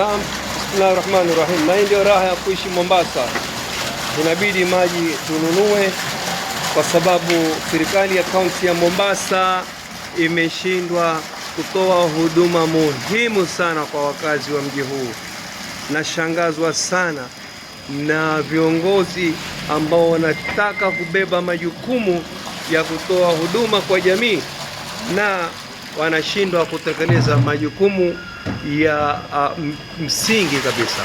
Naam, bismillahi rahmani rahim. Na hii ndio raha ya kuishi Mombasa. Inabidi maji tununue, kwa sababu serikali ya kaunti ya Mombasa imeshindwa kutoa huduma muhimu sana kwa wakazi wa mji huu. Nashangazwa sana na viongozi ambao wanataka kubeba majukumu ya kutoa huduma kwa jamii na wanashindwa kutekeleza majukumu ya uh, msingi kabisa.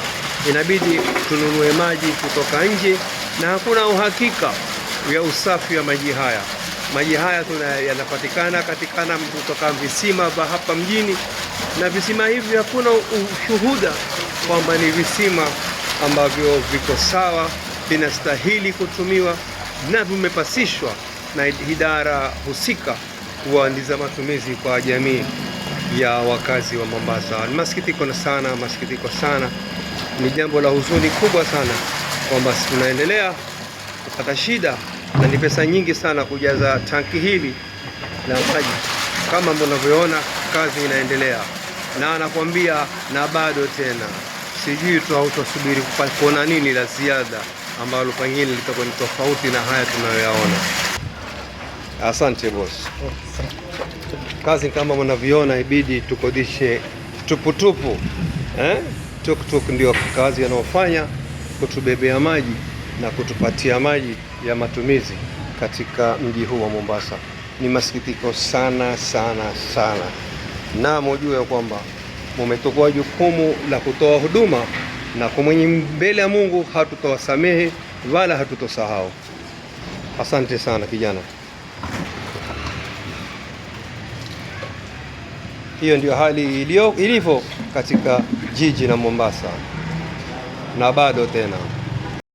Inabidi tununue maji kutoka nje na hakuna uhakika ya usafi wa maji haya. Maji haya yanapatikana katikana kutoka visima vya hapa mjini, na visima hivi hakuna ushuhuda kwamba ni visima ambavyo viko sawa, vinastahili kutumiwa na vimepasishwa na idara husika kuandiza matumizi kwa jamii ya wakazi wa Mombasa. Ni masikitiko sana, masikitiko sana, ni jambo la huzuni kubwa sana kwamba tunaendelea kupata shida, na ni pesa nyingi sana kujaza tanki hili la maji. Kama mnavyoona, kazi inaendelea, na anakwambia na bado tena, sijui tutasubiri kuona nini la ziada ambalo pengine litakuwa ni tofauti na haya tunayoyaona. Asante boss. Kazi kama mnavyoona ibidi tukodishe tuputupu eh? Tuktuk ndio kazi anayofanya kutubebea maji na kutupatia maji ya matumizi katika mji huu wa Mombasa. Ni masikitiko sana sana sana, na mujue kwamba mumetukua jukumu la kutoa huduma na kwa mwenye mbele ya Mungu hatutowasamehe wala hatutosahau. Asante sana kijana. Hiyo ndio hali ilivyo katika jiji la Mombasa na bado tena